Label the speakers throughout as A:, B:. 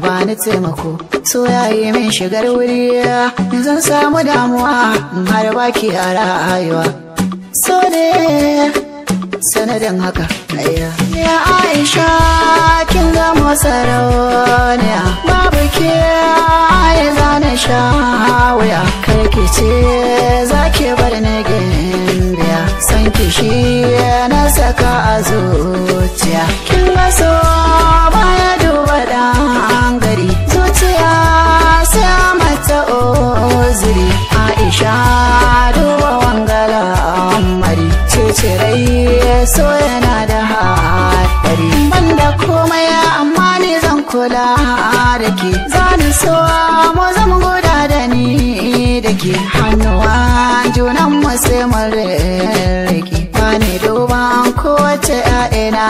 A: bani taimako so yayi min shigar wuri zan samu damuwa har baki a rayuwa so ne sanadin haka ya aisha kin zama sarauniya babu ke ya zana shawaya. kai ki ce zaki bar na gimbiya san shi na saka a zuciya sha duba wangala amari ce ce rai so yana da haɗari banda komai amma ne zan kula da ke zani so zan guda da ni da ke hannuwa junan mu sai mu rike ba ne duba kowace ƴaƴana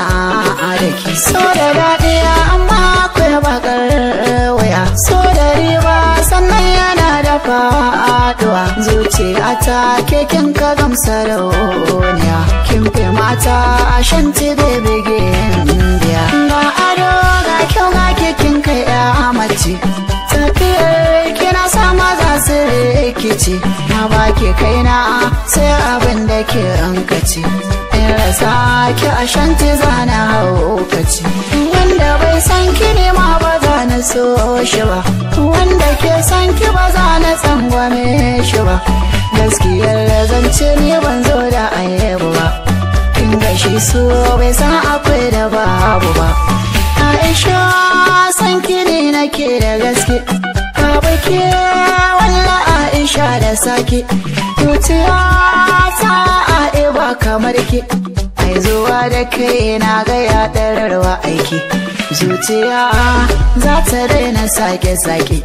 A: da ke so da daɗi amma akwai bakar waya so da riba sannan yana da fa siyata keken ka gamsarauniya kin fi mata a shanti da bege biya ga ado ga kyau ga keken ka ya mace tafiyar kina sa maza su rikici na baki kaina sai abin da ke rankaci in rasa ki a shanti zana haukaci wanda bai san kini ma ba za na so shi ba same shi ba gaskiyar zance ne ban zo da ayyabu ba inda shi so bai san akwai da babu ba aisha san kini nake da gaske babu ke walla aisha da sake zuciya ta ba kamar ki ai zuwa da kai na ga ɗararwa aiki zuciya za ta daina sake-sake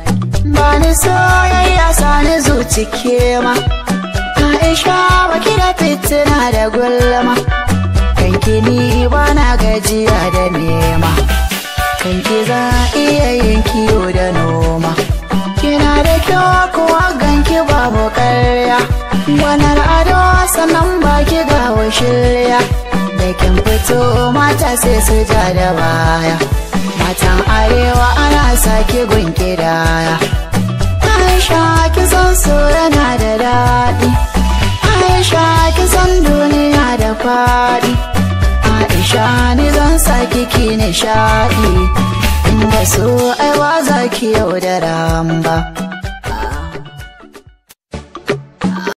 A: Bani soyayya sani zuci kema Aisha baki da fitina da gulma Kanki ni bana gajiya da nema Kanki za iya yin kiwo da noma Kina da kyau kuwa ganki babu karya Gwanar ado sannan baki ga shirya Da kin fito mata sai su ja da baya Matan arewa a. sake gun kidaya Aisha ki san so yana da daɗi Aisha ki san duniya da faɗi Aisha ni zan sake ki nishaɗi Inda so aiwa zaki yau da